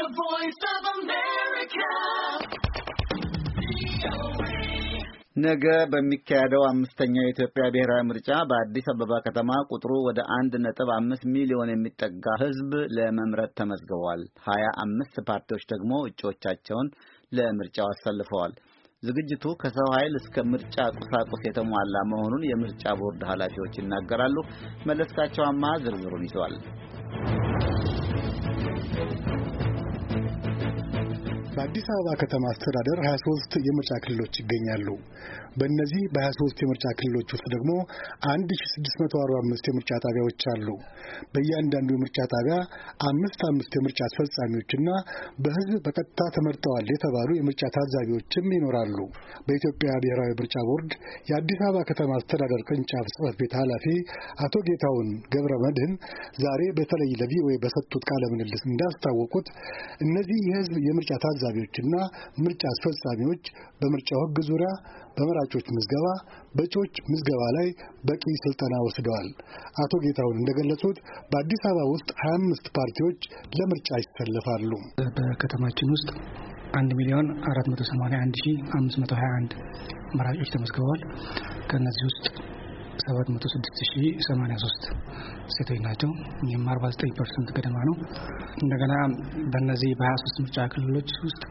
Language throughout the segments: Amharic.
The Voice of America. ነገ በሚካሄደው አምስተኛው የኢትዮጵያ ብሔራዊ ምርጫ በአዲስ አበባ ከተማ ቁጥሩ ወደ አንድ ነጥብ አምስት ሚሊዮን የሚጠጋ ሕዝብ ለመምረጥ ተመዝግበዋል። ሀያ አምስት ፓርቲዎች ደግሞ እጩዎቻቸውን ለምርጫው አሰልፈዋል። ዝግጅቱ ከሰው ኃይል እስከ ምርጫ ቁሳቁስ የተሟላ መሆኑን የምርጫ ቦርድ ኃላፊዎች ይናገራሉ። መለስካቸው አማ ዝርዝሩን ይዟል። በአዲስ አበባ ከተማ አስተዳደር 23 የምርጫ ክልሎች ይገኛሉ። በእነዚህ በ23 የምርጫ ክልሎች ውስጥ ደግሞ 1645 የምርጫ ጣቢያዎች አሉ። በእያንዳንዱ የምርጫ ጣቢያ አምስት አምስት የምርጫ አስፈጻሚዎችና በሕዝብ በቀጥታ ተመርጠዋል የተባሉ የምርጫ ታዛቢዎችም ይኖራሉ። በኢትዮጵያ ብሔራዊ ምርጫ ቦርድ የአዲስ አበባ ከተማ አስተዳደር ቅርንጫፍ ጽሕፈት ቤት ኃላፊ አቶ ጌታውን ገብረ መድህን ዛሬ በተለይ ለቪኦኤ በሰጡት ቃለ ምልልስ እንዳስታወቁት እነዚህ የሕዝብ የምርጫ ታዛ ታዛቢዎችና ምርጫ አስፈጻሚዎች በምርጫው ሕግ ዙሪያ በመራጮች ምዝገባ፣ በእጩዎች ምዝገባ ላይ በቂ ስልጠና ወስደዋል። አቶ ጌታሁን እንደገለጹት በአዲስ አበባ ውስጥ 2አምስት ፓርቲዎች ለምርጫ ይሰለፋሉ። በከተማችን ውስጥ 1 ሚሊዮን 481 ሀያ 521 መራጮች ተመዝግበዋል። ከእነዚህ ውስጥ 76,83 ሴቶች ናቸው። ይህም 49 ፐርሰንት ገደማ ነው። እንደገና በእነዚህ በ23 ምርጫ ክልሎች ውስጥ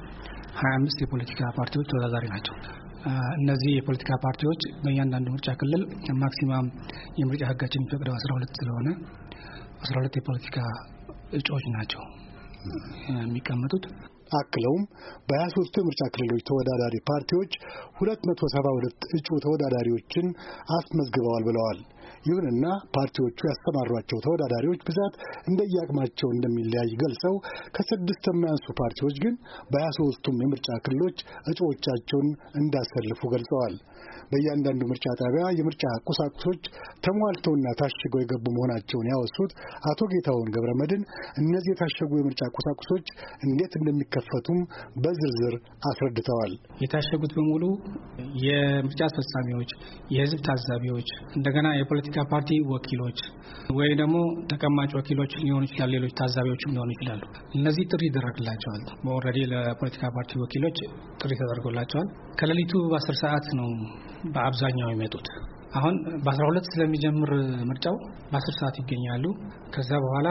25 የፖለቲካ ፓርቲዎች ተወዳዳሪ ናቸው። እነዚህ የፖለቲካ ፓርቲዎች በእያንዳንዱ ምርጫ ክልል ማክሲማም የምርጫ ሕጋችን የሚፈቅደው 12 ስለሆነ 12 የፖለቲካ እጩዎች ናቸው የሚቀመጡት። አክለውም በ23ቱ የምርጫ ክልሎች ተወዳዳሪ ፓርቲዎች 272 እጩ ተወዳዳሪዎችን አስመዝግበዋል ብለዋል። ይሁንና ፓርቲዎቹ ያሰማሯቸው ተወዳዳሪዎች ብዛት እንደየአቅማቸው እንደሚለያይ ገልጸው ከስድስት የማያንሱ ፓርቲዎች ግን በሀያ የምርጫ ክልሎች እጩዎቻቸውን እንዳሰልፉ ገልጸዋል። በእያንዳንዱ ምርጫ ጣቢያ የምርጫ ቁሳቁሶች ተሟልተውና ታሽገው የገቡ መሆናቸውን ያወሱት አቶ ጌታሁን ገብረ መድን እነዚህ የታሸጉ የምርጫ ቁሳቁሶች እንዴት እንደሚከፈቱም በዝርዝር አስረድተዋል። የታሸጉት በሙሉ የምርጫ አስፈጻሚዎች፣ የህዝብ ታዛቢዎች እንደገና የፖለቲካ ፓርቲ ወኪሎች ወይ ደግሞ ተቀማጭ ወኪሎች ሊሆኑ ይችላሉ፣ ሌሎች ታዛቢዎችም ሊሆኑ ይችላሉ። እነዚህ ጥሪ ይደረግላቸዋል። ኦልሬዲ ለፖለቲካ ፓርቲ ወኪሎች ጥሪ ተደርጎላቸዋል። ከሌሊቱ በአስር ሰዓት ነው በአብዛኛው የሚመጡት። አሁን በ ሁለት ስለሚጀምር ምርጫው በ ሰዓት ይገኛሉ። ከዛ በኋላ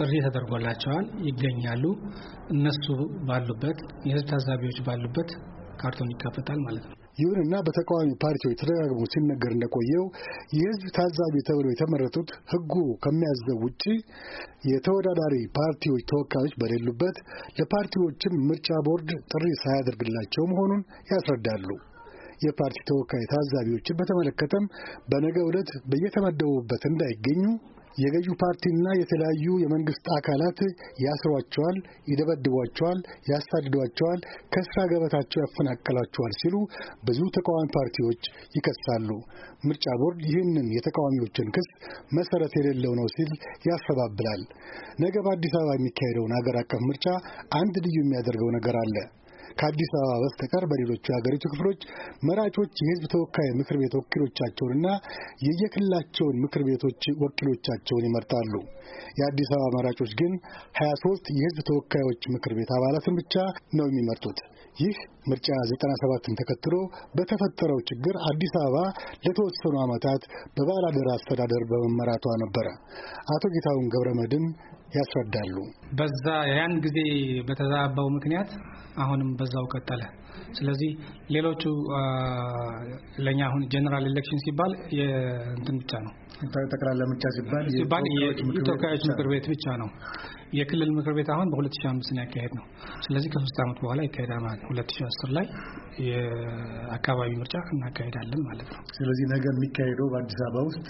ጥሪ ተደርጎላቸዋል ይገኛሉ። እነሱ ባሉበት የህዝብ ታዛቢዎች ባሉበት ካርቶን ይከፈታል ማለት ነው። ይሁንና በተቃዋሚ ፓርቲዎች ተደጋግሞ ሲነገር እንደቆየው የህዝብ ታዛቢ ተብለው የተመረጡት ህጉ ከሚያዘው ውጪ የተወዳዳሪ ፓርቲዎች ተወካዮች በሌሉበት ለፓርቲዎችም ምርጫ ቦርድ ጥሪ ሳያደርግላቸው መሆኑን ያስረዳሉ። የፓርቲ ተወካይ ታዛቢዎችን በተመለከተም በነገ ዕለት በየተመደቡበት እንዳይገኙ የገዢው ፓርቲና የተለያዩ የመንግስት አካላት ያስሯቸዋል፣ ይደበድቧቸዋል፣ ያሳድዷቸዋል፣ ከስራ ገበታቸው ያፈናቀሏቸዋል ሲሉ ብዙ ተቃዋሚ ፓርቲዎች ይከሳሉ። ምርጫ ቦርድ ይህንን የተቃዋሚዎችን ክስ መሰረት የሌለው ነው ሲል ያስተባብላል። ነገ በአዲስ አበባ የሚካሄደውን አገር አቀፍ ምርጫ አንድ ልዩ የሚያደርገው ነገር አለ። ከአዲስ አበባ በስተቀር በሌሎቹ የሀገሪቱ ክፍሎች መራጮች የህዝብ ተወካይ ምክር ቤት ወኪሎቻቸውንና የየክልላቸውን ምክር ቤቶች ወኪሎቻቸውን ይመርጣሉ። የአዲስ አበባ መራጮች ግን 23 የህዝብ ተወካዮች ምክር ቤት አባላትን ብቻ ነው የሚመርጡት። ይህ ምርጫ 97ን ተከትሎ በተፈጠረው ችግር አዲስ አበባ ለተወሰኑ ዓመታት በባላደራ አስተዳደር በመመራቷ ነበረ። አቶ ጌታሁን ገብረ መድን ያስረዳሉ። በዛ ያን ጊዜ በተዛባው ምክንያት አሁንም በዛው ቀጠለ። ስለዚህ ሌሎቹ ለእኛ አሁን ጀነራል ኤሌክሽን ሲባል እንትን ብቻ ነው፣ ጠቅላላ ምርጫ ሲባል የተወካዮች ምክር ቤት ብቻ ነው። የክልል ምክር ቤት አሁን በ2005 ነው ያካሄድ ነው። ስለዚህ ከሶስት ዓመት በኋላ ይካሄዳል ማለት ነው። 2010 ላይ የአካባቢ ምርጫ እናካሄዳለን ማለት ነው። ስለዚህ ነገ የሚካሄደው በአዲስ አበባ ውስጥ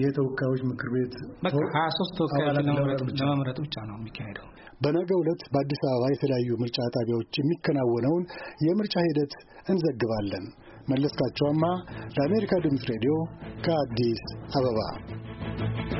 የተወካዮች ምክር ቤት ሀያ ሶስት ተወካዮች ለመምረጥ ብቻ ነው የሚካሄደው። በነገ ዕለት በአዲስ አበባ የተለያዩ ምርጫ ጣቢያዎች የሚከናወነውን የምርጫ ሂደት እንዘግባለን። መለስካቸዋማ ለአሜሪካ ድምፅ ሬዲዮ ከአዲስ አበባ